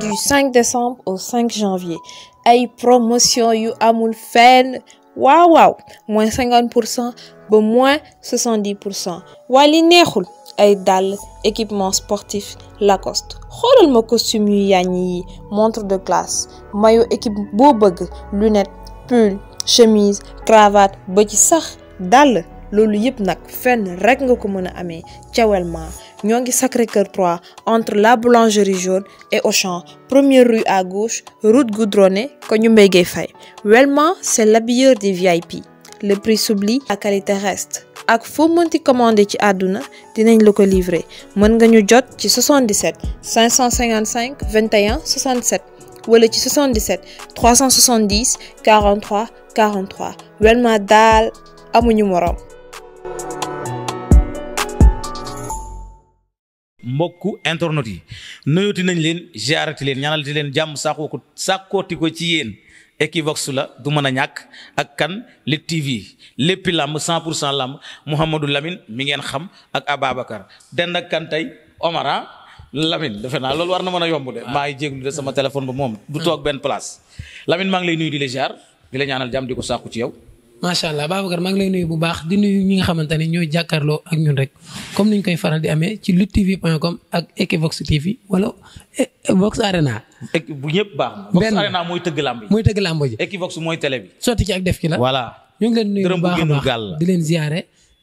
du 5 décembre au 5 janvier ay promotion yu amul fenn waaw waaw moins pour cent ba moins 70 pour cent waa li neexul ay dàll équipement sportif Lacoste xoolal ma costume yu yàññ yi montre de classe maillot équipe boo bëgg lunette pull chemise cravate ba ci sax dàll loolu yëpp nag fenn rek nga ko mën a amee cawelma ñoo ngi Sacré que 3 entre la boulangerie jaune et Auchan première rue à gauche route goudronnée koñu Mbaye Faye Wellma c'est l'habilleur des VIP le prix s'oublie la qualité reste ak foo mënti commandé ci àdduna dinañ la ko livrer mën nga ñu jot ci 77 555 21 67 wala ci 77 370 43 43 Wellma daal amuñu moroom mbokku internet yi nuyooti nañ leen ziarati leen ñaanalati leen jàmm saakoo ko sàkkooti ko ci yéen Equivox la du mën a ñàkk ak kan Lutte TV léppi làmb 100 pour cent làmb Mouhamadou lamin mi ngeen xam ak Ababacar den ak kan tey Omar Lamine defe naa loolu war na mën a yomb de ah. maa ngi jéglu de sama téléphone ba moom du toog benn place Lamine maa ngi lay nuyu di la ziar di la ñaanal jàmm di ko sàkku ci yow macha allah Babacar maa ngi lay nuyu bu baax di nuyu ñi nga xamante ne ñooy jàkkaarloo ak ñun rek comme niñ koy faral di amee ci luttetv.com ak Equivox TV wala Vox Arena. bu ñëpp baax. Vox Arena mooy tëgg làmb yi mooy tëgg làmb ji. Equivox mooy tele bi. sotti ci ak def ki la. voilà ñu ngi leen nuyu bu baax a baax di leen ziare.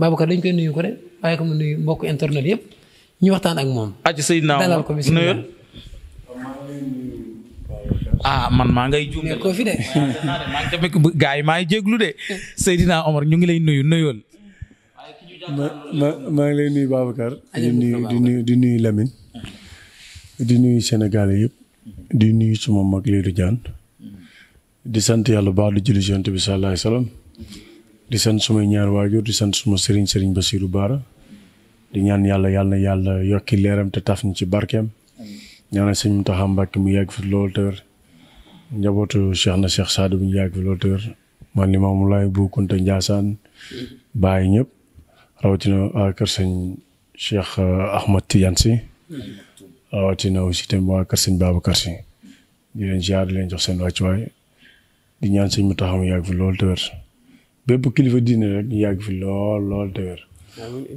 Babacar dañ koy nuyu ko de waaye ko nuyu mbokk internet yëpp ñu waxtaan ak moom. aji Seydina dalal ko bisimilah ah man maa ngay juum ko fi yi maa ngi jéglu de Seydina Omar ñu ngi lay nuyu nuyool. ma ma maa ngi nuyu Babacar. di nuyu di nuyu di nuyu Lamine. di yëpp. di nuyu suma mag Lirou Diane. di sant yàlla baax di julli Yonent bi sallallahu alayhi wa sallam di sant sumay ñaar waajur di sant suma sëriñ sëriñ Bassirou Bara di ñaan yàlla yàlla na yàlla yokki leeram te taf ñu ci barkeem ñaanal sëñ Mountakha Mbacké mu yàgg fi loolu njabootu Cheikh na Cheikh Sadou bu ñu yàgg fi loolu te wér man li ñëpp rawatina waa Cheikh uh, Ahmad Tidiane Sy rawatina aussi tamit waa kër sëñ jox seen wàccuwaay sëñ mu yàgg fi loolu te bépp kilifa diine rek yàgg fi lool lool te wér.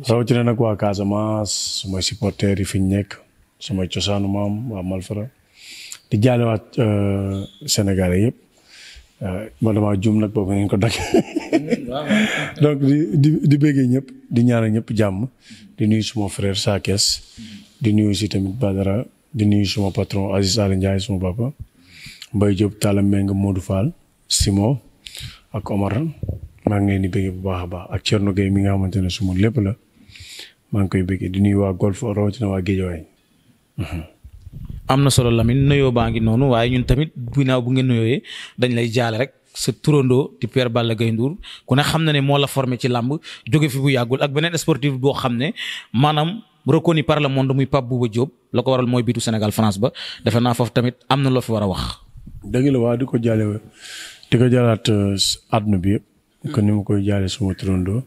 rawatina nag waa Casamance sumay supporters yi fi ñu nekk sumay cosaanu maam waa Malfara di jaale waat euh, Sénégalais yëpp euh, man damaa juum nag boobu ngeen ko dagg donc di di di béggee ñëpp di ñaanal ñëpp jàmm di nuyu suma frère Sakes di nuyu si tamit Badara di nuyu suma patron Aziz Alioune Ndiaye suma papa Mbaye Diop Talla Mbengue Modou Fall Simon ak Omar. maa ngi leen di bëggee bu baax a baax ak Thierno Gueye mi nga xamante ne suma lépp la maa ngi koy bëggee di nuyu waa golf rawatina waa Guédiawaye. am na solo Lamine nuyoo baa ngi noonu waaye ñun tamit ginnaaw bu ngeen nuyooyee dañ lay jaale rek sa turandoo di Père Balla Gaye Ndour ku ne xam na ne moo la formé ci làmb jóge fi bu yàggul ak beneen sportif boo xam ne maanaam reconnu par le monde muy Pape Bouba Diop la ko waral mooy bitu senegal France ba defe naa foofu tamit am na loo fi war a wax. dëgg la waa di ko jaale di ko jaalaat euh, àdduna yëpp kon ni ma koy jaale suma turandoo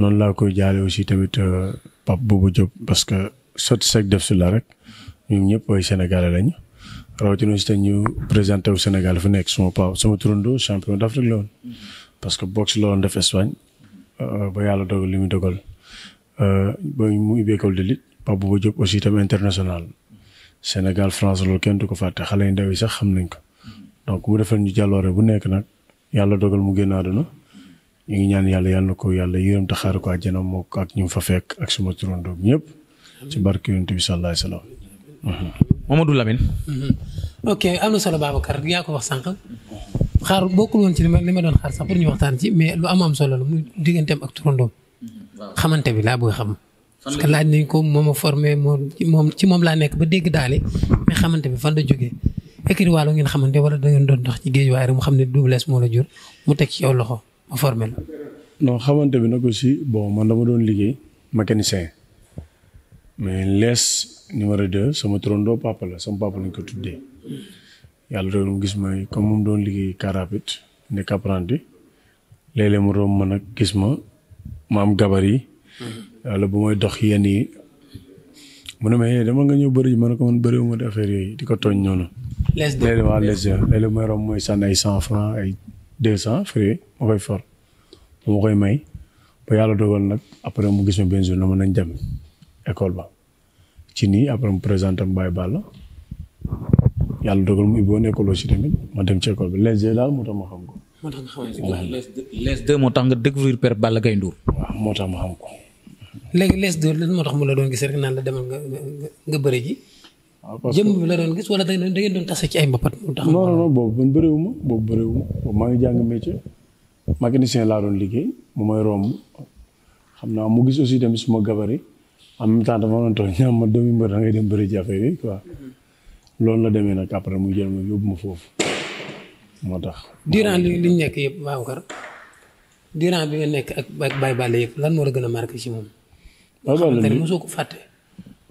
noonu laa koy jaale aussi tamit euh, Pape bu Diop parce que sotti sec def si la rek ñun ñëpp ay sénégalais lañu rawatina aussi tamit ñu présenté wu Sénégal fu nekk suma Pape suma turandoo champion d'Afrique la woon parce que boxe la woon def Espagne euh, ba yàlla dogal li mu dogal euh, ba mu ubbi école de lutte Pape aussi tamit international Sénégal France loolu kenn du ko fàtte xale yu ndaw yi sax xam nañ ko donc mu defal ñu jàlloore bu nekk nag yàlla dogal mu génn àdduna ñu ngi ñaan yàlla yàlla na ko yàlla yërëm te xaaral ko àjjana mook ak ñu fa fekk ak suma turandoog ñëpp ci barke yonent bi sallallahu alayhi wasallam. Mamadou mm-hmm. am na solo Babacar yaa ko wax sànq. xaar bokkul woon ci li ma ma doon xaar sax pour ñu waxtaan ci mais lu am am la muy digganteem ak turandoom. xamante bi laa bëgg xam. parce laaj nañ ko moom a formé moom ci moom laa nekk ba dégg daale mais xamante bi fan la jógee. écrit waalo xamante wala da ngeen doon dox ci géej waaye rek mu xam ne Double Less moo la jur mu teg ci yow loxo. ma formé xamante bi nag aussi bon man dama doon liggéey mécanicien mais lees numéro deux sama turandoo papa la sama papa lañ ko tuddee yàlla doon mu gis may comme doon liggéey car rapide nekk apprenti léeg-léeg mu gis ma ma am gabar yi. wala bu may dox yenn yi. mu ne ma yee eh, dama nga ñëw bëri ma ne ko man bëriwuma affaire yooyu di ko tooñ noonu. lees de waaw lees may romb mooy sànni ay cent franc ay. deux cent frais ma koy for ma koy may ba yàlla dogal nag après mu gis ma benn na mën na dem école ba ci nii après mu présenté am Baye Balla yàlla dogal mu ubbiwoon école aussi tamit ma dem ci école bi les daal moo tax ma xam ko. moo tax nga xam les deux moo tax nga découvrir Père Balla Gaye Ndour. waaw moo tax ma xam ko. léegi les deux lan mu la doon gis rek naan la demal nga nga bëri Ah, jëm la doon gis wala da ngeen doon tase ci ay mbapat. non non non boobu man bëriwuma boobu bëriwuma laa doon liggéey moo may romb xam naa mu gis aussi tamit suma gabari en même temps dafa doon toog ma doomi mbër da dem bëri ci affaire yi loolu la demee nag après mu jël ma yóbbu ma foofu moo tax. durant li liñ nekk yëpp Babacar durant bi nga nekk ak Baye Balla yëpp lan moo la gën a ci moom. Baye ko fàtte.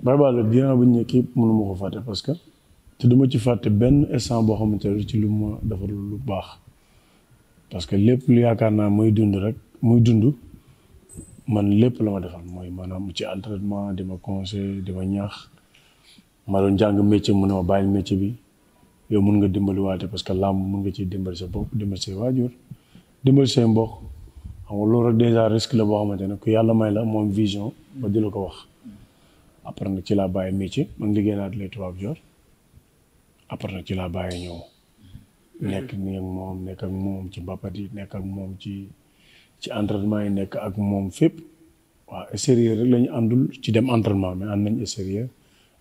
Baye Balla bu bi ñu nekk yëpp mënu ma ko fàtte parce que te duma ci fàtte benn instant boo xamante ne ci lu ma defar lu baax parce que lépp lu yaakaar naa muy dund rek muy dund man lépp la ma mooy maanaam ci entraînement di conseil di ma ñaax ma doon jàng métier mu bàyyi métier bi yow mun nga dimbali parce que làmb mun nga ci dimbali sa bopp dimbali say waajur dimbali say mbokk xam nga loolu rek déjà la boo xamante ne ku yàlla may la moom vision ba di la ko wax après nag ci laa bàyyi métier ma ngi liggéey naa di lay tubaab joor après nag ci laa bàyyi ñëw mm-hmm. nekk nii ak moom nekk ak moom ci mbapat yi nekk ak moom ci ci entraînement yi nekk ak moom fépp waaw extérieur rek lañu ñu àndul ci dem entraînement mais ànd nañ extérieur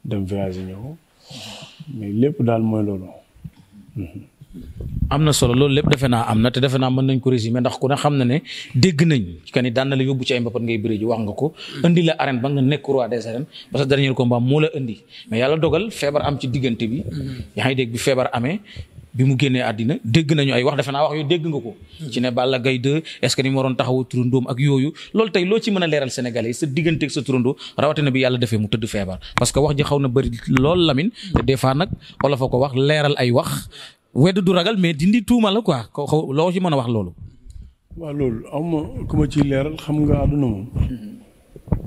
dem voyage ñëw mm-hmm. mais lépp daal mooy loolu mm-hmm. am na solo loolu lépp defe naa am na te defe naa mën nañ ko résumer ndax ku ne xam na ne dégg nañ que ni daan yóbbu ci ay mbapat ngay bëri ji wax nga ko indi la arène ba nga nekk roi des arènes ba sa dernier combat moo la indi mais yàlla dogal feebar am ci diggante bi mm-hmm. yaa ngi dégg bi feebar amee bi mu dégg nañu ay wax defe naa wax nga ko mm-hmm. ci ne Balla Gaye 2 est-ce que ni mu waroon taxawu turandoom ak yooyu loolu loo ci mën a leeral Sénégalais yi sa digganteeg sa turandoo rawatina bi yàlla defee mu tëdd feebar parce que wax ji xaw na bëri lool Lamine mm-hmm. te des fois nag wala fa ko wax leeral ay wax wedd du ragal mais dindi tuuma la quoi xaw loo ci mën a wax loolu. waaw loolu am ku ma ciy leeral xam nga àdduna moom.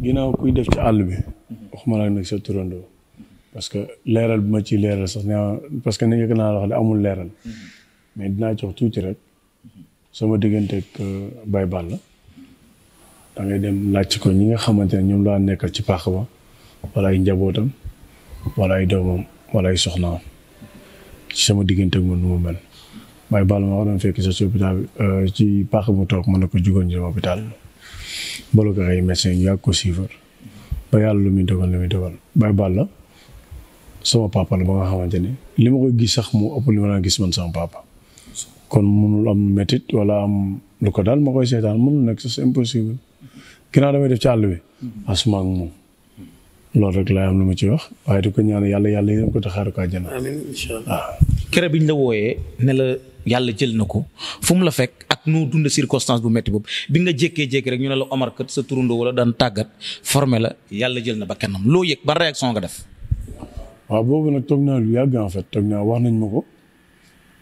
ginnaaw kuy def ci àll bi. wax la nag parce que leeral bi ma ciy leeral sax parce que ni nga naa wax de amul leeral. mais dinaa jox tuuti rek. sama digganteeg euh, Baye Balla. da ngay dem laajte ko ñi nga xamante ne ñoom laa nekkal ci paax ba. wala ay njabootam. wala ay doomam wala ay soxnaam. ci sama diggante ak man nu mu mel may bal ma waroon fekk sa ci hôpital euh, ci paax bu toog mën na ko jugoon jëm hôpital bolo ko ay médecin yàgg ko siifar ba yàlla lu muy dogal lu muy dogal bay bal la sama papa la ba nga xamante ne li ma koy gis sax mu ëpp li gis man sama papa kon munul am métit wala am lu ko daal ma koy seetaan munul nekk c'est impossible ginnaaw damay def ci àll bi asuma ak moom loolu rek laa am lu ma ci wax waaye di ko ñaan yàlla yàlla yërëm ko te xaaru ko àjjana. amiin kere bi ñu la wooyee nela yàlla jël na ko fu mu la fekk ak nu dund circonstance bu métti boobu bi nga jékkee jékki rek ñu ne la Omar kat sa turandoo wala daan tàggat formé la yàlla jël na ba kanam loo yëg ba réaction nga def. waaw boobu nag toog naa lu yàgg en fait toog naa wax nañ ma ko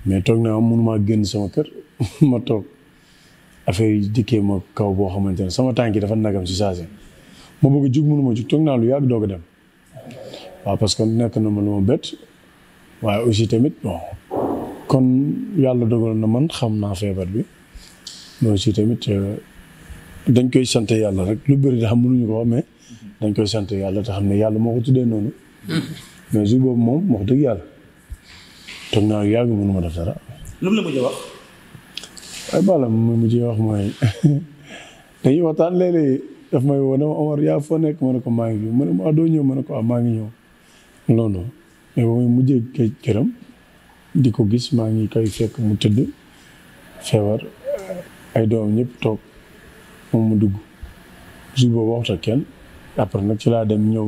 mais toog naa mënumaa génn sama kër ma toog affaire yi dikkee ma kaw boo xamante ne sama tànk dafa nagam si saa ma bëgg jug mënu ma jug toog naa lu yàgg doog dem waaw parce que nekk na ma lu ma bett waaye aussi tamit bon kon yàlla dogal na man xam naa feebar bi mais aussi tamit euh, dañ koy sant yàlla rek lu bëri da xam munuñu ko wax dañ koy sant yàlla te xam ne yàlla moo ko tuddee noonu mais jour boobu moom wax dëgg yàlla toog naa lu yàgg mënu ma def dara. lu mu la mujj wax. ay bala mu mujj wax mooy dañuy waxtaan léeg-léeg daf may woo dama yaa foo nekk ma ne ko maa ngi fi mu ne ah, ñëw ma ne ko ah maa ngi ñëw non non mais ba muy mujjee këram di ko gis maa ngi koy fekk mu tëdd feebar ay doom ñëpp toog moom mu dugg jour boobu waxut kenn après nag ci laa dem ñëw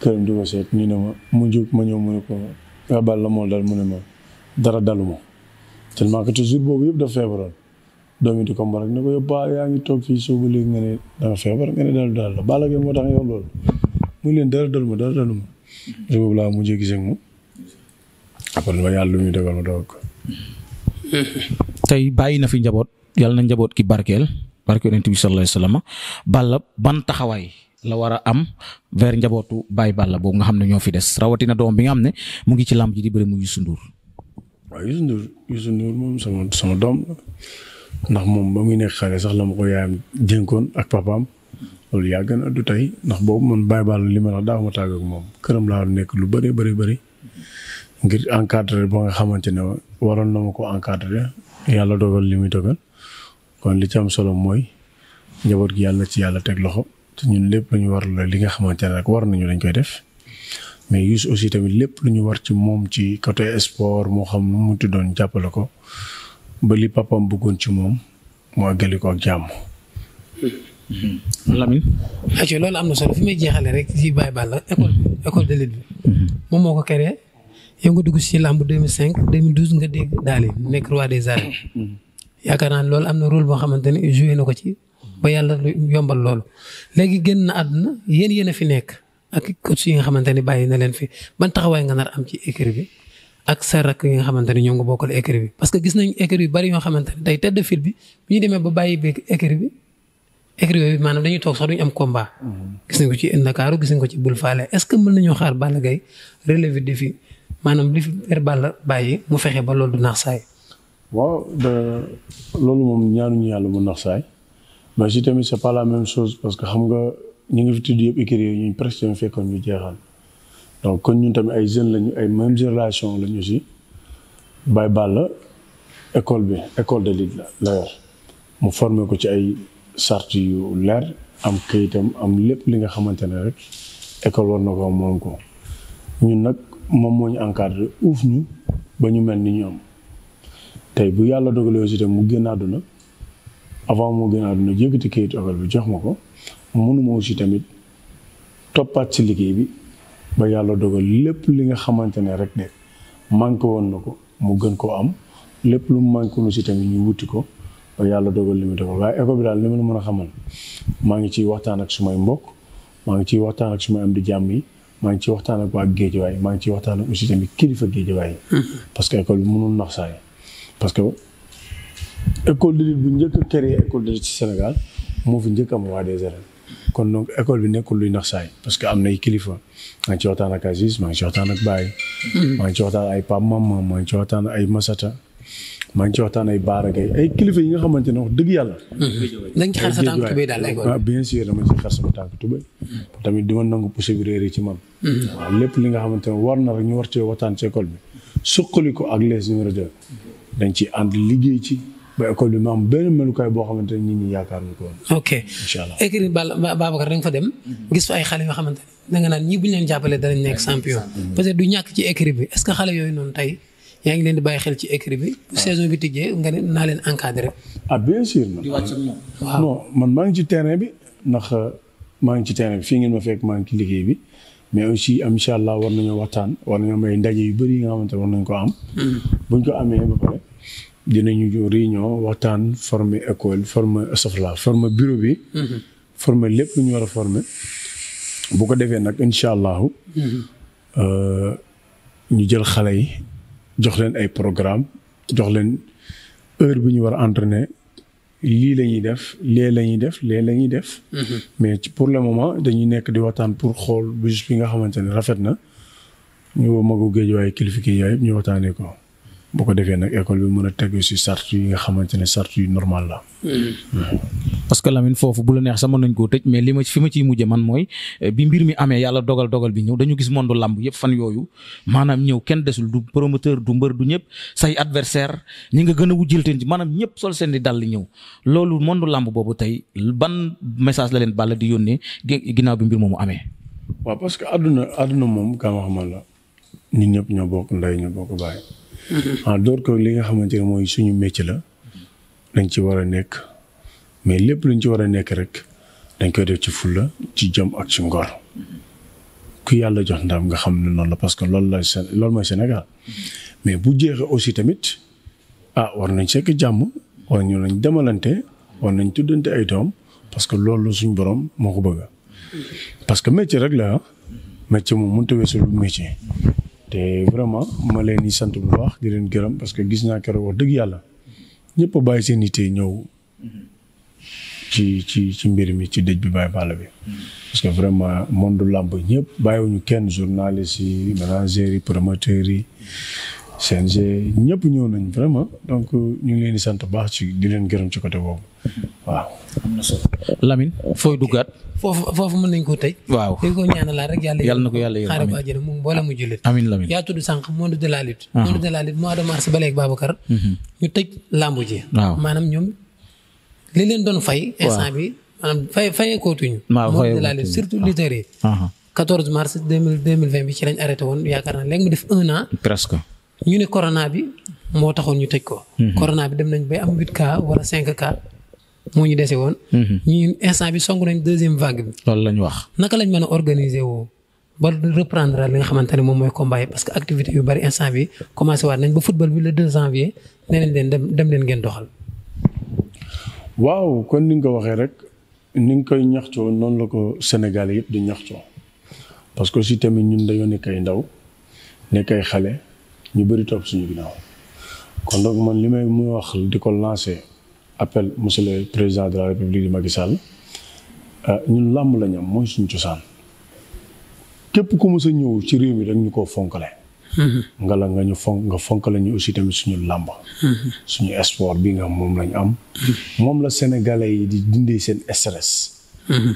këram di ko seet ñu ne ma mu jóg ma ñëw mu ne ko abal la moo dal mu ne ma dara dalu ma tellement que te jour boobu yëpp dafa feebaroon doomi di ko mbar ne ko yow paa yaa ngi toog fii suba léegi nga ne da feebar nga ne daal daal la Balla Gaye moo tax nga wax loolu mu ngi leen dara dal ma dara dalu ma parce que boobu laa mujjee gisee ak moom après ma yàlla lu muy dogal bàyyi na fi njaboot yàlla na njaboot ki barkeel barke yonent bi sallallahu alayhi wasallam Balla ban taxawaay la war a am vers njabootu Baye boobu nga xam ne ñoo fi des rawatina doom bi nga xam ne mu ngi ci làmb ji di bëri mu Youssou Ndour. waaw Youssou Ndour moom sama doom ndax moom ba muy nekk xale sax la ma ko yaayam dénkoon ak papaam loolu yàgg na du tey ndax boobu man bàyyi baal li ma la daaw ma tàgg moom këram laa nekk lu bëri bëri bëri ngir encadré ba nga xamante ne waroon na ma ko encadré yàlla dogal li muy dogal kon li ci am solo mooy njaboot gi yàlla ci yàlla teg loxo te ñun lépp lu ñu war la li nga xamante ne rek war nañu lañ koy def mais Youssou aussi tamit lépp lu ñu war ci moom ci côté sport moo xam mu munti doon jàppale ko ba li papam bëggoon ci moom mu àggali ko ak jàmm. Hmm. loolu am na solo fi may jeexale rek ci Baye Balla école hmm. école de lutte bi. Hmm. moom moo ko créé yow nga dugg ci làmb 2005 2012 nga dégg daal di nekk roi des arènes. yaakaar naa loolu am na rôle boo xamante ne joué na ko ci. ba yàlla yombal loolu. léegi génn na àdduna yéen yéen a fi nekk ak coach yi nga xamante ne bàyyi na leen fi ban taxawaay nga nar am ci écurie bi. ak sa rakk yi nga xamante ne ñoo ngi bokkal écurie bi parce que gis nañ écurie yu bari yoo xamante tey tête de file bi bu ñu demee ba bàyyi bi écurie bi écurie yooyu maanaam dañuy toog sax am combat. gis nañ ko ci Ndakaaru ko ci Boul Falé est ce que mën nañoo xaar Balla Gaye relevé défi maanaam li fi per Balla bàyyi mu fexe ba loolu du naax saay. waaw loolu moom ñaanuñu yàlla mu naax saay mais si tamit c'est pas la même chose parce que xam nga ñu ngi fi tudd yëpp écurie yooyu ñun presque ñu fekkoon ñu jeexal. donc kon ñun tamit ay jeunes lañu ay même génération lañu aussi Baye Balla école bi école de lutte la la yor mu formé ko ci ay sart yu leer am këyitam am lépp li nga xamante ne rek école war na ko moom ko ñun nag moom moo ñu encadré uuf ñu ba ñu mel ni ñu am tey bu yàlla dogalee aussi tamit mu génn àdduna avant moo génn àdduna yëkkati këyit école bi jox ma ko mënuma aussi tamit toppaat ci liggéey bi. ba yàlla dogal lépp li nga xamante ne rek de manqué woon na ko mu gën koo am lépp lu mu manqué woon si tamit ñu wuti ko ba yàlla dogal li mu dogal waaye école bi daal li ma la mën a xamal maa ngi ci waxtaan ak sumay mbokk maa ngi ciy waxtaan ak sumay am di jàmm yi maa ngi ci waxtaan ak waa géejawaay maa ngi ciy waxtaan ak aussi tamit kilifa géejawaay mm-hmm. parce que école bi mënul nax saay parce que école de lutte bu njëkk a créé école de ci Sénégal moo fi njëkk am waa des arènes kon donc école bi nekkul luy nax saay parce que am nay kilifa maa ci waxtaan ak Aziz maa ci waxtaan ak Baye. Hmm. maa ci waxtaan ay Masata. maa ci waxtaan ay Baara ay kilifa yi nga xamante ne wax dëgg yàlla. dañ hmm. ci xar ah, dama ci xar sama tànk hmm. tamit du nangu poussé yi ci man. lépp li nga xamante ne war na rek ñu war waxtaan ci école bi suqali ko ak les numéro 2. dañ ci ànd liggéey ci. ba école bi ma am benn melukaay boo xamante ne nit ñi yaakaar bi est-ce ah. ah, man maa ngi ci terrain bi ndax euh, maa ngi ci terrain bi fii ngeen ma fekk maa ngi ci liggéey bi. mais aussi incha allah war nañoo am ndaje yu bëri yi nga xamante ne war nañ ko am. Hmm. buñ ko amee ba pare dinañu ñu réunion waxtaan former école former sofla former bureau bi. Mhm. former lépp lu ñu war a former. bu ko defee nag incha allahu. Mhm. Euh, ñu jël xale yi jox leen ay programme jox leen heure bi ñu war a entraîner lii la ñuy def lee la ñuy def lee la ñuy def. Mhm. mais ci pour le moment dañuy nekk di waxtaan pour xool bés bi nga xamante ne rafet na ñu woo magu géej waaye kilifa yooyu ñu waxtaanee ko. boo ko defee nag école bi mën a tegu si sart yi nga xamante ne sart yu normal la. Mm-hmm. parce que Lamine foofu bu la neex sax mën nañ koo tëj mais li ma fi ma ci mujje man mooy eh, bi mbir mi amee yàlla dogal dogal bi ñëw dañu gis monde làmb yëpp fan yooyu maanaam ñëw kenn desul du promoteur du mbër du ñëpp say adversaire ni nga gën a wujjalteen ci maanaam ñëpp sol seen di dal ñëw loolu monde làmb boobu tey ban message la leen Balla di yónnee ginnaaw bi mbir moomu amee. waaw parce que àdduna àdduna moom kaa ma la nit ñëpp ñoo bokk ndey ñoo ah door ko li nga xamante ne mooy suñu métier la dañ ci war a nekk mais lépp luñ ci war a nekk rek dañ koy def ci fulla ci jom ak ci ngor mm-hmm. ku yàlla jox ndam nga xam ne noonu la parce que loolu la loolu mooy Sénégal mm-hmm. mais bu jeexee aussi tamit ah war nañ sekk jàmm war ñu nañ demalante war nañ tuddante ay doom parce que loolu suñu borom moo ko bëgg mm-hmm. parce que métier rek la ah. métier moom mënut a weesu lu te vraiment ma leen di sant bu baax di leen gërëm parce que gis naa keroog wax dëgg yàlla ñëpp bàyyi seen yitte ñëw ci ci ci mbir mi ci dëj bi Baye Balla bi. parce que vraiment monde làmb ñëpp bàyyiwuñu kenn journaliste yi managers yi promoteurs yi CNG ñëpp ñëw nañ vraiment donc ñu ngi leen di sant baax ci di leen gërëm ci côté boobu waaw. am na solo Lamine fooy duggaat. foofu foofu mën nañ ko tey. waaw dañ ko ñaanalaat rek yàlla. yàlla na ko yàlla yërëm amiin xaaral ko mu mboolem yaa tudd de la lutte. monde de la lutte de mars ba léegi mhm. ñu tëj làmb ji. maanaam ñoom li leen doon fay. instant bi maanaam fay fayee kootuñu. waaw monde de la lutte surtout lutteurs yi. 14 mars 2020 bi ci lañ arrêté woon yaakaar naa léegi mu def un an. presque. ñu ne corona bi moo taxoon ñu tëj ko. Mhm. corona bi dem nañ bay am 8 cas wala 5 cas. moo ñu dese woon. Mhm. ñun instant bi song nañ deuxième vague bi. loolu la ñu wax. naka lañ mën a organiser woo ba reprendre li nga xamante ne moom mooy combat parce que activité yu bari instant bi commencé waat nañ ba football bi le janvier nee leen dem dem leen ngeen doxal. waaw kon ni nga ko waxee rek ni nga koy ñaxtoo noonu la ko Sénégalais yëpp di ñaxtoo parce que aussi tamit ñu dañoo nekk ay ndaw nekk ay xale ñu bëri topp suñu ginnaaw kon donc man li may muy wax di ko lancer. appel monsieur le président de la république di Macky Sall euh, ñun làmb la am mooy suñ cosaan képp ku mës a ci réew mi rek ñu koo fonkale. Mm-hmm. nga la nga fonk nga ñu aussi tamit suñu làmb. Mm-hmm. suñu espoir bi nga moom lañu am. Mm-hmm. moom la sénégalais yi di dindee seen stress.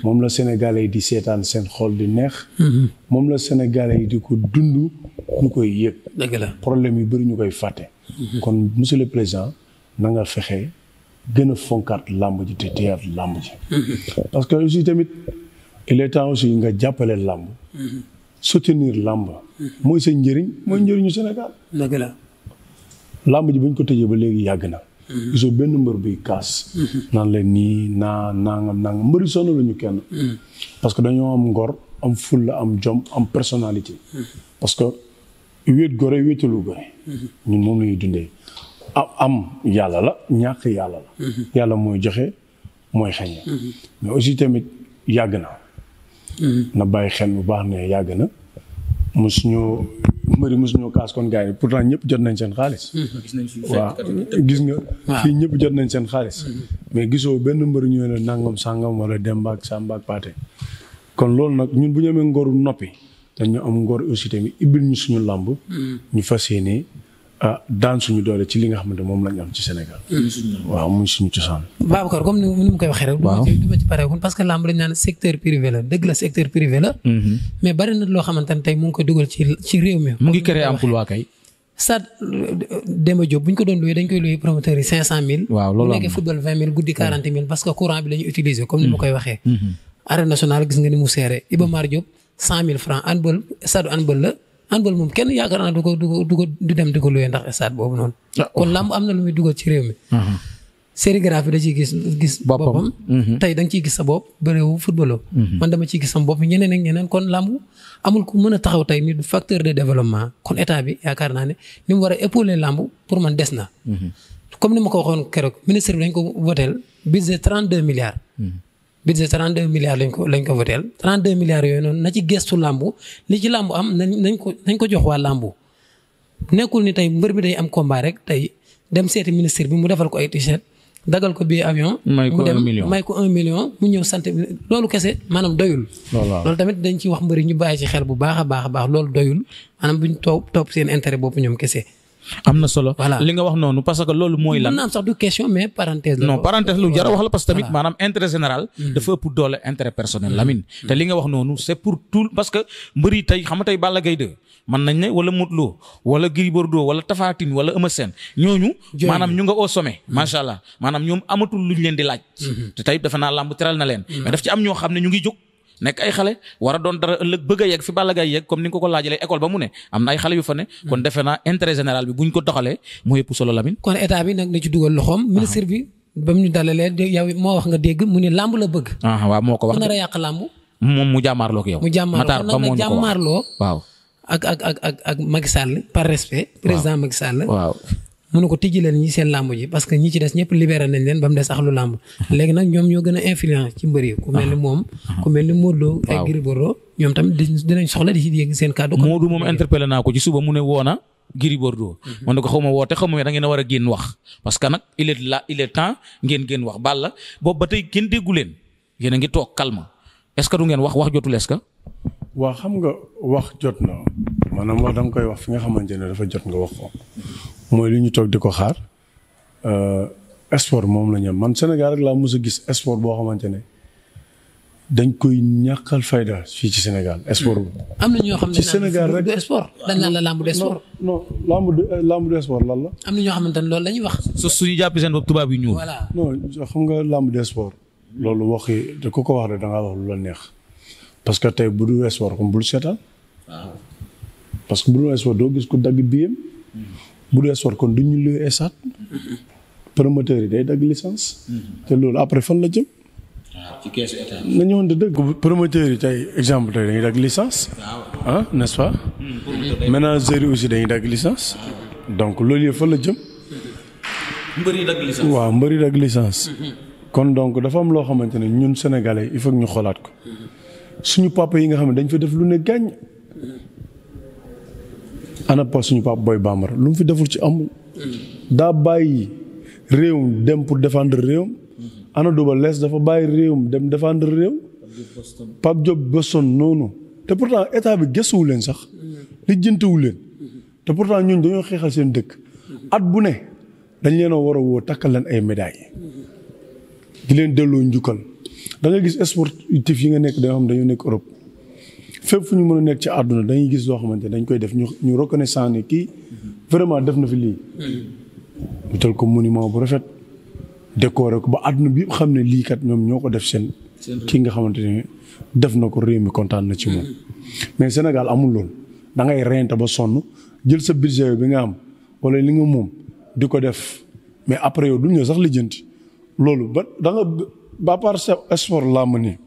moom la sénégalais yi di seetaan seen xol di neex. moom la sénégalais yi di ko dund ñu koy yëg. la problème yu bëri ñu koy fàtte. kon monsieur le président na fexe. gën a fonkaat làmb ji te teyaat làmb ji. parce que aussi tamit il est temps aussi nga jàppale làmb. soutenir làmb. mooy sa njëriñ mooy njëriñu Sénégal. dëgg la. làmb ji bu ñu ko tëjee ba léegi yàgg na. gisoo benn mbër bi kaas. naan leen nii naa nangam nangam mbëri sonn la ñu kenn. parce que dañoo am ngor am fulla am jom am personnalité. parce que wéet gore wéetalu gore. ñun moom la dundee. am yàlla la ñàkk yàlla la. Mhm. yàlla mooy joxe mooy xeñe. Mhm. mais aussi tamit yàgg na. Mhm. na bàyyi xel bu baax ne yàgg na mos ñoo mbëri mos ñoo kaas kon gars yi pourtant ñëpp jot nañ seen xaalis. gis nañ waaw gis nga. fii ñëpp jot nañ seen xaalis. mais gisoo benn mbëri ñu ne nangam sangam wala Demba ak Samba Paate kon loolu nag ñun bu ñu amee ngoru noppi dañu am ngor aussi tamit ibbil ñu suñu làmb. ñu fas yéene ah daan suñu doole ci li nga xamante moom lañ am ci Sénégal. waaw muy suñu cosaan. Babacar comme ni mu koy waxee rek. du ma mm-hmm. koy dugal ci ko courant bi la ñuy comme ni ma mm-hmm. koy waxee. Mm-hmm. arène nationale gis nga ni mu seere Iba Mar cent mille francs handball stade handball la. handball moom kenn yaakaar naa du ko du ko du ko du dem ndax stade boobu noonu. Ah, kon làmb am na lu muy dugal ci réew mi. Mhm. sérigraphie da ci gis gis. boppam mhm. tey da nga ciy gis sa bopp bëreewu footballoo. Mhm. man dama ciy gis sama bopp ñeneen ak ñeneen kon làmb amul ku mën a taxaw tey ni facteur de développement kon état bi yaakaar naa ne ni mu war a épauler làmb pour man des na. comme ni ma ko waxoon keroog ministre bi dañ ko woteel budget 32 milliards. budget 32 milliards lañ ko lañ ko voteel 32 milliards yooyu noonu na ci gestu làmbu li ci làmbu am nañ ko nañ ko jox waa làmbu nekkul ni tey mbër bi day am combat rek tey dem seeti ministre bi mu defal ko ay t dagal ko bii avion. may ko un million may ko un million mu ñëw sant loolu kese maanaam doyul. loolu tamit dañ ci wax mbëri ñu bàyyi ci xel bu baax a baax a baax loolu doyul maanaam bu ñu topp topp seen intérêt bopp ñoom kese. am na solo. voilà li nga wax noonu parce que loolu mooy lan. mën na am sax du question mais parenthèse la. non lu jar a la parce que tamit maanaam intérêt général. Mm. dafa ëpp doole intérêt personnel mm. Lamine. Mm. te li nga wax noonu c'est pour tout parce que mbër tey xam nga tey Balla nañ ne wala Modou Lo wala Gris Bordeaux wala Tapha Tine ñooñu. maanaam ñu nga au sommet allah maanaam ñoom amatul luñ leen di laaj. Mm-hmm. te tey defe naa làmb teral na leen. Mm-hmm. mais daf ci am ñoo xam ne ñu ngi jóg nekk ay xale war a doon dara ëllëg bëgg a yegg fi Balla Gaye yegg comme ni nga ko ko laajalee école ba mu ne am na ay xale yu fa ne. Hmm. kon defe naa intérêt ko doxalee moo yëpp solo Lamine. kon état nag na ci dugal loxoom. ministre bi ba mu ñu dalalee moo wax nga dégg mu ne làmb la bëgg. waaw moo ko wax dëgg ku nar a yàq làmb. moom mu jàmmaarloo ak yow. mu jàmmaarloo waaw ak ak ak ak Macky par respect. président Macky Sall waaw mun ne ko tijji leen ñi seen làmb ji parce que ñi ci des ñëpp libéré nañ leen ba mu des axlu làmb léegi nag ñoom ñoo gën a influence ci mbër yi ku mel ni moom ku mel ni Modou Lo ak Gris ñoom tamit dinañ soxla di ci yëg seen kàddu Modou moom interpellé naa ko ci suba mu ne woona Gris Bordeaux mhm. man ne ko ma woote xaw ma da a war a génn wax parce que nag il est temps ngeen génn wax Balla boobu ba tey kenn déggu leen yéen a ngi toog calme est-ce que du ngeen wax wax jotul est-ce que xam nga wax jot na maanaam wax danga koy wax fi nga xamante ne dafa jot nga wax ko mooy lu ñu toog di ko xaar esport euh, moom la ñu am man Sénégal rek laa mës a gis sport boo xamante ne dañ koy ñàkkal fayda fii ci Sénégal sport bu hmm. am na ñoo xam ne ci Sénégal rek du sport dañ naan la lamb du sport. non non euh, lan la. am na ñoo xamante ne loolu la ñuy wax. su suñu jàpp seen bopp tubaab yi ñuul. voilà non xam nga lamb du sport. loolu waxi da ko ko wax rek da ngaa wax lu la neex parce que tey bu du sport comme bul seetaan. waaw parce que bu du sport doo gis ku dagg biyam. Hmm. bu dee sport kon du ñu luwee stade promoteur yi day dagg licence. te loolu après fan la jëm. waaw ah, ci keesu état na ñu woon di yi tey exemple tey dañuy dagg licence. ah n'est-ce hmm, aussi dañuy dagg licence. Ah. donc loolu yëpp fan la jëm. mbëri dagg licence waaw mbëri dagg licence. Hmm, hmm. kon donc dafa am loo xamante ne ñun sénégalais il faut ñu xoolaat ko. suñu papa yi nga xam ne dañ fa def lu ne gàññ ana pas suñu papa Boy Bambara lu mu fi deful ci amul. daa bàyyi réewum dem pour défendre réewum. ana Double lees dafa bàyyi réew réewum dem défendre réew. Pape Diop Boston noonu. te pour pourtant état bi gëstuwu leen sax. lijjantiwu leen. te pourtant ñun dañoo xeexal seen dëkk. at bu ne dañ leen a war a woo takkal leen ay médailles. di leen delloo njukkal da nga gis sportif yi nga nekk da nga xam dañoo nekk Europe. fépp fu ñu mën a nekk ci àdduna dañuy gis loo xamante dañ koy def ñu ñu reconnaissant ne kii vraiment def na fi lii. utal ko monument bu rafet. décorer ko ba àdduna bi xam ne lii kat ñoom ñoo ko def seen. kii nga xamante ne def na ko réew mi kontaan na ci moom. mais Sénégal amul loolu da ngay rente ba sonn jël sa budget bi nga am wala li nga moom di ko def mais après yow du ñëw sax lijjanti loolu ba da nga ba par sport laa ma nii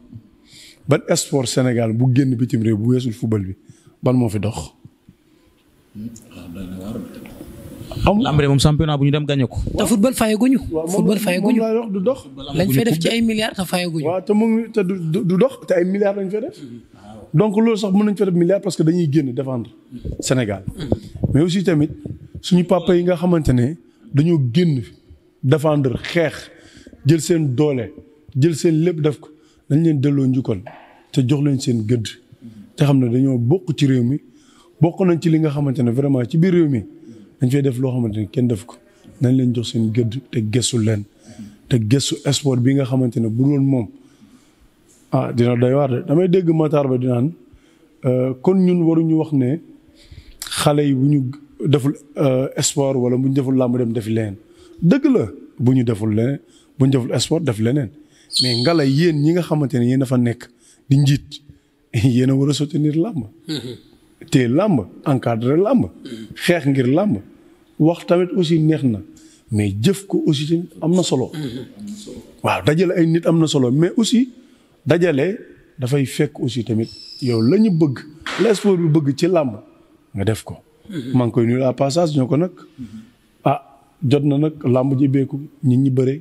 ban sport Sénégal bu génn bitim réew bu weesul football bi ban moo fi dox. amul lamb moom championnat bu ñu dem gagné ko. te football fayaguñu. football fayaguñu moom du dox. lañ fay def ci ay milliards te fayaguñu. waaw te mu ngi te du dox te ay milliards lañ fay def. donc loolu sax mën nañ fa def milliards parce que dañuy génn defendre Sénégal. mais aussi tamit suñu papa yi nga xamante ne dañoo génn defendre xeex jël seen doole jël seen lépp def ko dañ leen delloo njukkal. te jox leen seen gëdd te xam ne dañoo bokk ci réew mi bokk nañ ci li nga xamante ne vraiment ci biir réew mi dañ fay def loo xamante ne kenn def ko nañ leen jox seen gëdd te gëstu leen te gëstu sport bi nga xamante ne bu doon moom ah dina doy waar damay dégg Matar ba dinaan euh, kon ñun waruñu wax ne xale yi bu ñu deful euh, sport wala bu deful làmb dem defi leneen dëgg la bu ñu deful leneen bu deful sport def leneen mais ngala yéen ñi nga xamante ne yéen dafa nekk di njiit yéen a war a soutenir làmb te làmb encadrer làmb xeex ngir làmb wax tamit aussi neex na mais jëf ko aussi tamit am na solo waaw dajale ay nit am na solo mais aussi dajale dafay fekk aussi tamit yow la ñu bëgg la sport bi bëgg ci làmb nga def ko maa ngi koy nuyu à ñoo ko nag ah jot na nag làmb ji beeku nit ñi bëre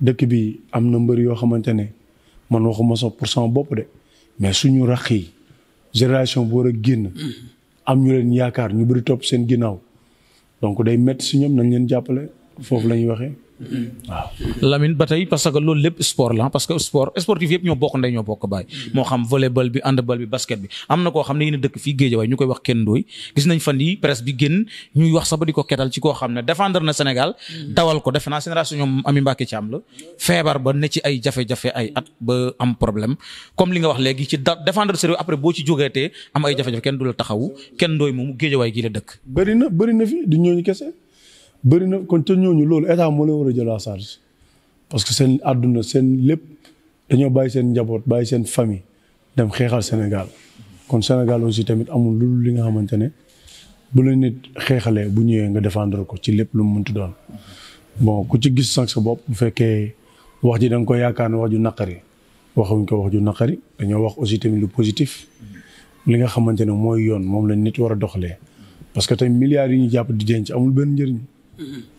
dëkk bi am na mbër yoo xamante ne man waxuma sax pour sama bopp de mais suñu rax yi génération bu war a génn. am ñu leen yaakaar ñu bëri topp seen ginnaaw donc day métti si ñoom nañ leen jàppale foofu la ñuy waxee. waaw Lamine ba tey parce que loolu lépp sport la parce que sportif yëpp ñoo bokk ndey ñoo bokk baay. moo xam volleyball bi handball bi basket bi am na koo xam ne yéen a dëkk fii Géejawaay ñu koy wax kenn dooy gis nañ fan yi presse bi génn ñuy wax sax ko ketal ci koo xam ne défendre na Sénégal. Mm. dawal ko defe naa génération ñoom Ami Mbacke Thiam la feebar ba ne ci ay jafe-jafe ay at ba am problème comme li nga wax léegi ci défendre sa réew après boo ci jógeetee am ay jafe-jafe kenn du la taxawu kenn dooy moomu Géejawaay gii la dëkk. bari na kon te ñooñu loolu état moo leen war a jël en charge parce que seen àdduna seen lépp dañoo bàyyi seen njaboot bàyyi seen famille dem xeexal Sénégal kon Sénégal aussi tamit amul lu li nga xamante ne bu la nit xeexalee bu ñëwee nga défendre ko ci lépp lu munti doon. bon ku ci gis sànq sa bopp bu fekkee wax ji da ko yaakaar ne wax ju naqari waxuñ ko wax ju naqari dañoo wax aussi tamit lu positif li nga xamante ne mooy yoon moom la nit war a doxalee parce que tey milliards yi ñu jàpp di denc amul benn njëriñ.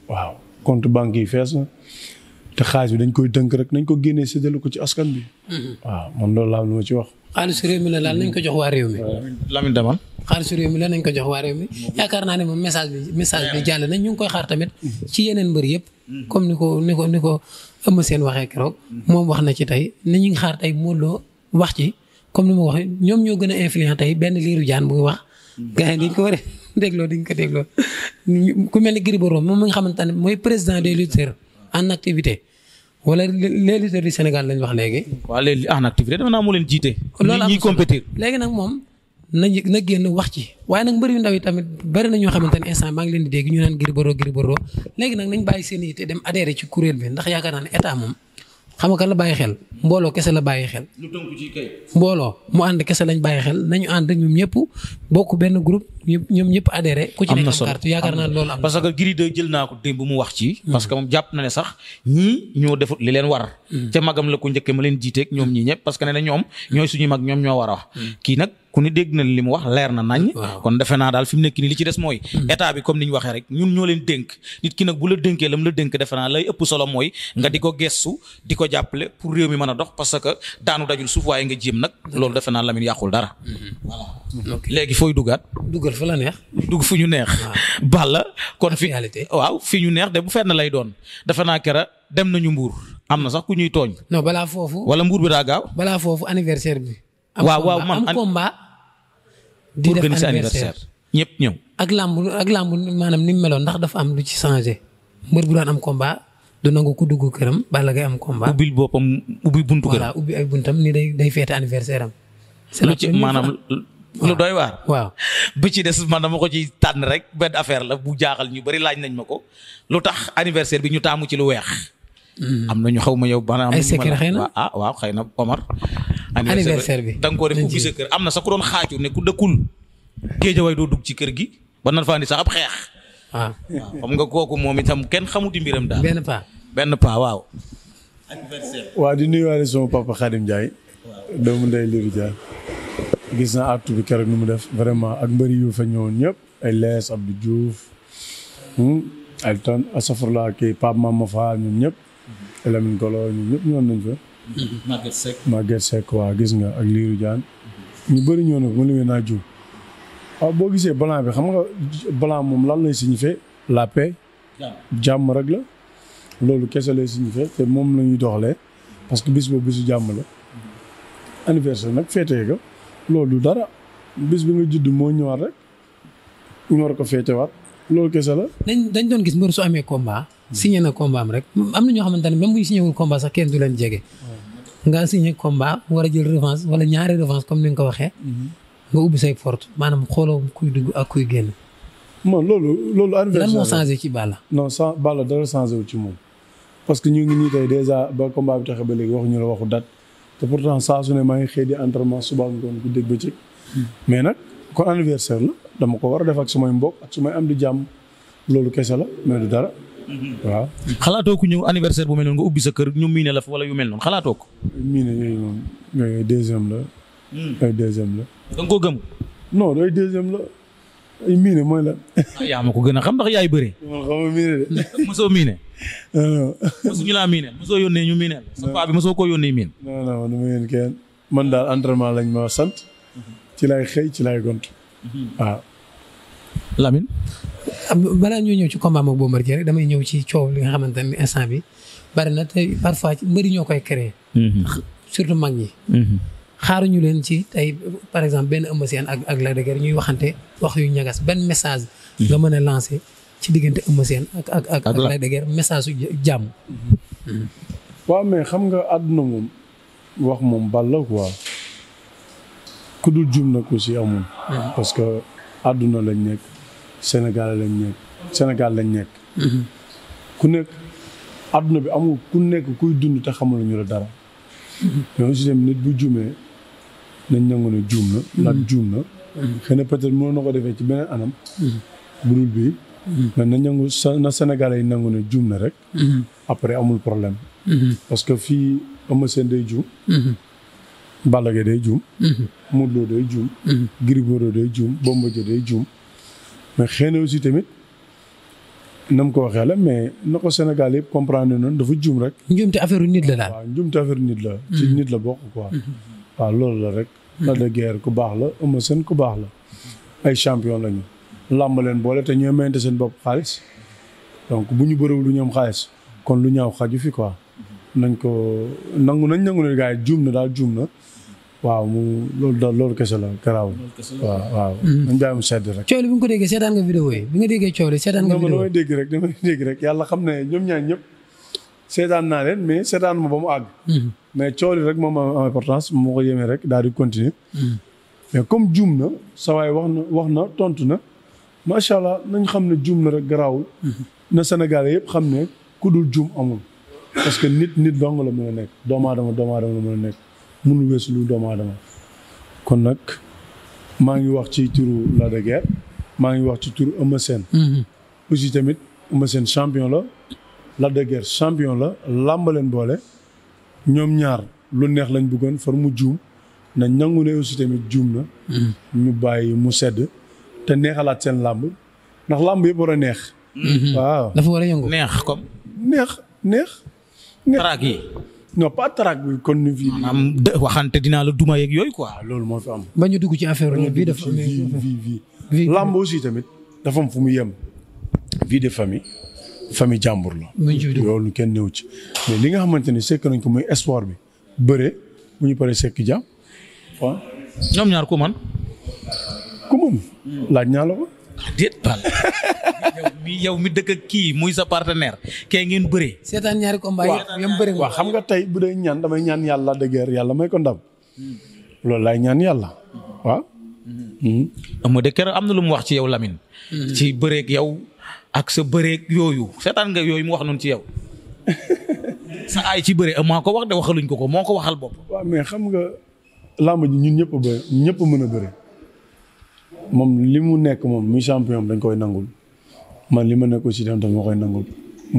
waaw compte banque yi fees na te xaalis bi dañ koy dënk rek nañ ko génnee séddale ko ci askan bi. waaw man loolu laa am ma ci wax. xaalisu réew mi la laal nañ ko jox waa réew mi. Euh, Lamine Daman. xaalisu réew mi la nañ ko jox waa réew mi yaakaar naa ne moom message bi message bi jàll nañ ñu ngi koy xaar tamit ci yeneen mbër yëpp. comme ni ko ni ko ni ko Eumeu Sène waxee keroog. moom wax na ci tey ni ñu ngi xaar tey Modou Lo wax ci comme ni ma waxee ñoom ñoo gën a influent tey benn liiru jaan buy wax. gars yi ko war dégloo di nga ko dégloo ku mel ni Gris Bordeaux moom mi nga xamante ne mooy président des lutteurs en activité wala les lutteurs du Sénégal lañ wax léegi. waaw les en activité dafa naa moo leen jiite. loolu am ñuy compétir nag moom. na na génn wax ci waaye nag mbëri yu ndaw yi tamit bari na ñoo xamante ne instant maa ngi leen di dégg ñu naan Gris Bordeaux Gris léegi nag nañ bàyyi seen yitte dem adhéré ci kuréel bi ndax yaakaar naa ne état moom. xam nga la bàyyi xel mbooloo kese la bàyyi xel. lu mbooloo mu ànd kese lañ bàyyi xel nañu ànd ñoom ñëpp bokk benn groupe ñoom ñëpp adhéré. ku ci nekk am carte yaakaar naa loolu am parce que Gris de jël naa ko démb mu wax ci. Hmm. parce que moom jàpp na ne sax ñii ñoo defut li leen war. Hmm. ca magam la ko njëkkee ma leen jiiteeg ñoom ñii ñëpp parce que nee ñoom. Hmm. ñooy suñu mag ñoom ñoo war a kii nag ku ni dégg na li mu wax leer na nañ kon defe naa daal fi mu nekk nii li ci des mooy hmm. état bi comme ni ñu waxee rek ñun ñoo leen dénk nit ki nag bu la dénkee lam la dénk defe naa solo mooy nga di ko gestu di ko jàppale pour réew mi mën a dox parce que daanu dajul suuf waaye nga jéem nag hmm. loolu defe naa Lamine yàqul dara hmm. léegi fooy duggaat dugal fa la neex dugg fu ñu neex balla kon fi waaw fi ñu neex de bu fenn lay doon defe naa kera dem nañu mbuur am na sax ku ñuy tooñ non balaa foofu wala mbuur bi daa gaaw balaa foofu anniversaire bi waaw waaw man am combat di def anniversaire ñëpp ñëw. ak làmb ak làmb maanaam ni mu ndax dafa am lu ci changé mbër bu daan am combat du nangu ku dugg këram bala ngay am combat. ubbil boppam ubbi buntu këram. ubbi ay buntam ni day day feete anniversaire am. lu ci maanaam lu doy waar. waaw bi ci des man dama ko ci tànn rek benn affaire la bu jaaxal ñu bari laaj nañ ma ko lu tax anniversaire bi ñu taamu ci lu weex. Hmm. am na ñu xaw ma yow. ay sekere xëy na ah waaw xëy na Omar anniversaire bi da nga ko def ubbi kër am na sa ko doon xaaju ne ku dëkkul géejawaay doo dugg ci kër gi ba nan faa andi sax ab xeex. Ah. waaw xam nga kooku moom itam kenn xamuti mbiram daal. benn paa benn paa waaw. anniversaire. waa di nuyuwaale sama papa Khadim Ndiaye. doomu ndey Lirou Dia. gis naa artu bi keroog nu mu def vraiment ak mbëri yu a ñëwoon ñëpp ay lees Abdou Diouf ay hmm, ton asafurlaa kii Pape Mama Fall ñun ñëpp. Lamine Golo ñun ñëpp ñëwoon nañ fa. Mhm. Maguette Seck Maguette Seck gis nga ak Lirou Diane ñu bëri ñëw na ko mu limee naa jiw waaw ah, boo gisee blanc bi xam nga blanc moom lan lay signifier la paix jàmm rek la loolu kese lay signifier moom la ñuy doxalee parce que bis boobu bisu jàmm la anniversaire nag féetee ga dara bis bi nga judd moo ñëwaat rek ñu ko ko féetewaat loolu kese la. dañ dañ doon gis mbër su amee combat. signé na combat rek am na ñoo xamante ne même bu ñu signé wul combat sax kenn du leen jege. nga signé combat war a jël revanche wala ñaari revanche comme ni nga ko waxee. Mhm. nga ubbi say porte maanaam xooloo kuy dugg ak kuy génn. non loolu loolu. adversaire lan moo changé ci Balla. non sans Balla dara changé wu ci moom. parce que ñu ngi nii dèjà ba combat bi ba léegi waxuñu la waxu date te pourtant saa su ne ngi xëy di entraînement suba ngoon ku dégg bëccëg. Hmm. mais nag kon anniversaire la dama ko war a def ak sumay mbokk ak su may am di jàmm loolu kese la mais du dara. waaw. xalaatoo ku ñëw anniversaire bu mel noonu nga ubbi sa kër ñu miine la fa wala yu mel noonu xalaatoo ko. miine yooyu moom yooyu deuxième la. Hmm. yooyu deuxième la. nga koo gëm. la. ay miine mooy la. Ah, ma ko gën a xam ndax yaay bëri. man xamuma miine de. mosoo miine. non ñu miine mosoo sa paa bi mosoo ko yónnee miin. non non dama yónni kenn man daal entraînement lañ ma sant. Hmm. ci laay xëy ci laay gont hmm. waaw. Lamine. Ah, balaa ñuy ñëw ci combat moom Bombardier rek damay ñëw ci coow li nga xamante ne instant bi bari na te parfois mbëri ñoo koy créer. Mm-hmm. surtout mag ñi. Mm-hmm. xaaruñu leen ci tey par exemple benn Eumeu ak ak Lac de Guiers ñuy waxante wax yu ñagas benn message. Mm-hmm. nga mën a lancer ci diggante Eumeu Sène ak ak ak. ak message su jàmm. waaw mais xam nga àdduna moom wax moom bal la quoi ku dul jum na ko si amul. àdduna lañ nekk Sénégal lañ nekk Sénégal lañ nekk. Mhm. ku nekk àdduna bi amul ku nekk kuy dund te xamaluñu la dara. mais aussi tamit nit bu jumee nañ nangu ne juum na. Mhm. nag juum na. Mhm. xëy na peut-être mënoon na ko defee ci beneen anam. bu dul bii. mais na nangu na Sénégalais yi nangu ne juum na rek. après amul problème. parce que fii am seen day juum. Balla Gaye day juum. Mhm. Modou Lo day juum. Mhm. Gris Bordeaux day juum Bombardier day juum. mais xëy na aussi tamit nam ko waxee la mais na ko Sénégal yëpp comprendre noonu dafa juum rek. njuumte affaire nit la daal. waaw affaire nit la. Mhm. nit la bokk quoi. waaw loolu la rek. la de guerre ku baax la Eumeu Sène ku baax la. ay champion lañu. làmb leen boole te seen bopp xaalis. donc bu ñu bëriwul du ñu xaalis. kon lu ñaaw xaju fi quoi. nañ ko nangu nañ nangu ne na daal juum na. waaw mu loolu daal loolu kese la garaaw. loolu kese la waaw waaw. nañ hmm. bàyyi mu sedd rek. coow li bi nga ko déggee seetaan nga vidéo yi bi nga déggee coow li seetaan nga. vidéo yi damay dégg rek damay dégg rek yàlla xam ne ñoom ñaar ñëpp seetaan naa leen mais seetaan ma ba mu àgg. Hmm. mais coow rek moom am importance moo ko yemee rek daal di continuer. Hmm. mais comme juum na sa wax na wax na tontu na macha allah nañ xam ne juum na rek garaawul. na Sénégal yëpp xam ne ku dul juum amul. parce que nit nit dong la mën a doomu aadama doomu aadama mënul weesu lu doomu aadama kon nag maa ngi wax ci turu Lac de maa ngi wax ci turu Eumeu Sène mm-hmm. aussi tamit Eumeu Sène champion la Lac de Guiers la làmb leen boole ñoom ñaar lu neex lañ buggoon far mu juum na ñangu ne aussi tamit juum na mm-hmm. ñu bàyyi mu sedd te neexalaat seen làmb ndax làmb yëpp war a neex mm-hmm. waaw dafa war a yëngu neex comme neex neex neex non pas traque bi kon nu fii. maanaam waxante dinaa la duma yeeg yooyu quoi. Ah, loolu moo fi am. ba ñu dugg ci affaire bi dafa am vie vie làmb aussi tamit dafa fu mu yem. vie de famille famille jàmbur la. loolu kenn new ci. mais li nga xamante ni sekk nañ ko muy espoir bi bëre mu ñu paree sekk jàmm waaw. ñoom ñaar ku man. ku man laaj ñaa la ko. déet yow mi dëkk ak kii muy sa partenaire kee ngeen bëree. seetaan ñaari combat yi yam xam nga tey bu dee ñaan damay ñaan yàlla de guerre yàlla may ko ndam loolu laay ñaan yàlla waaw. moo mm-hmm. de keroog am na lu mu wax ci yow lamin si mm-hmm. bëreek yow ak sa bëreek yooyu seetaan nga yooyu mu wax noonu ci yow. sa aay ci am maa ko wax de waxaluñ ko ko moo ko waxal bopp. waaw mais xam nga làmb ji ñun ñëpp a bëri ñëpp mën a bëri moom li mu nekk moom muy champion dañ koy nangul. man li ma nekk aussi dama dama koy nangul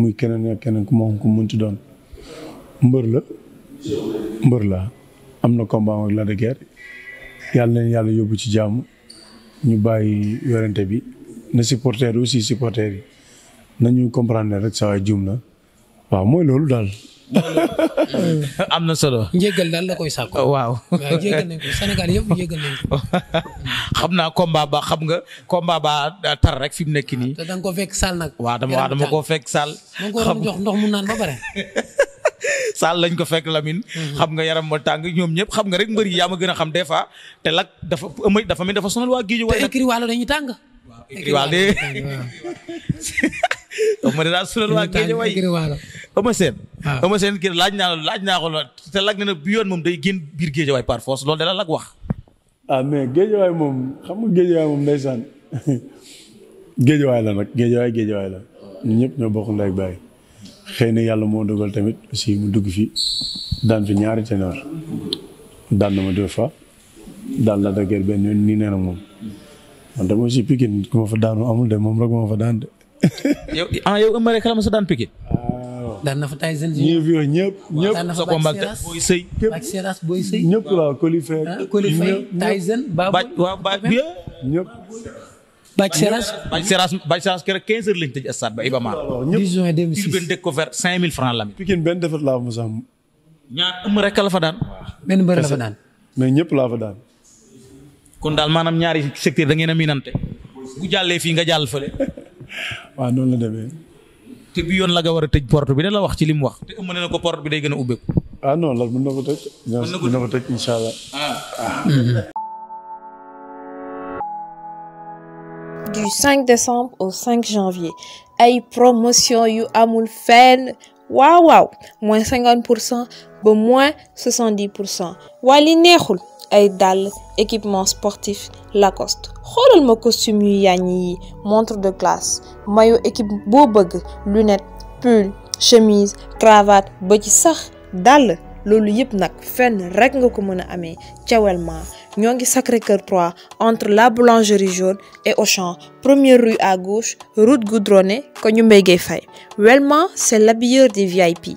muy keneen ak keneen ku ma ko mënti doon mbër la mbër la am na combat ak Lac de yàlla leen yàlla yóbbu ci jàmm ñu bàyyi yorente bi na supporter aussi supporter yi na nañu comprender rek saa waay juum na waaw mooy loolu daal am na solo. njëgal daal la koy sàkku. Oh, waaw waaw njëgal ko Sénégal yëpp njëgal nañ ko. xam naa komba ba xam nga combat ba tar rek fi mu nekk nii. Ah, te da ko fekk Sall nag. waaw dama waaw koo fekk Sall. xam nga waroon jox ndox mu naan ba pare. Saal lañ ko fekk Lamine. Mhm. xam nga yaram ma tàng ñoom ñëpp xam nga rek mbër yi yaa ma gën a xam des fois te lak dafa ëmëj dafa mel dafa sonal waa géej waaye. te écrit waalo dañuy tàng. waaw waalo de. ma ne daal sonal waa seen. ama seen kër laaj naa laaj naa ko la te lag na ne bi yoon moom day génn biir géejawaay par force loolu de la lag wax ah mais géejawaay moom xam nga géejawaay moom ndeysaan géejawaay la nag géejawaay géejawaay la ñun ñëpp ñoo bokk ndey bàyyi xëy na yàlla moo dogal tamit aussi mu dugg fi daan fi ñaari ténor daan na ma deux fois daan la daggeer benn yoon nii nee na moom man dama aussi Pikine ku ma fa daanu amul de moom rek moo fa daan de. yow ah yow Eumeu rek la ma sa daan Pikine ah. daan na fa taay seen ñi fi wax ñëpp. ñëpp daan na fa booy sëy. ak seeraas booy sëy. ñëpp la colifay. Ah, colifay taay seen. baabul waaw baaj bi ñëpp. baaj seeraas baaj seeraas baaj seeraas keroog 15 heures lañ tëj stade ba Iba Mar. benn defet laa fa sax. ñaar ëmm rek la fa daan. benn mbër la mais ñëpp laa fa kon daal maanaam ñaari secteur da ngeen a miinante. bu jàllee fii nga jàll fële. waaw noonu la demee. te bi la nga war a tëj porte bi da la wax ci li mu wax te ëmb na ko porte bi day gën a ah, ko tëj. mën na ko ko tëj incha allah. Ah. du 5 décembre au janvier ay promotion yu amul fenn waaw waaw moins pour cent ba moins 70 pour cent waa li neexul. ay dàll équipement sportif Lacoste xoolal ma costume yu yàññ yi montre de glace mayo équipe boo bëgg lunette pull chemise cravate ba ci sax dàll loolu yëpp nag fenn rek nga ko mën a amee cawelma ñoo ngi Sacré-Cœur 3 entre la boulangerie jaune et Auchan première rue à gauche route goudronnée ko ñu mbéygee fay Welma c'est l'habilleur des VIP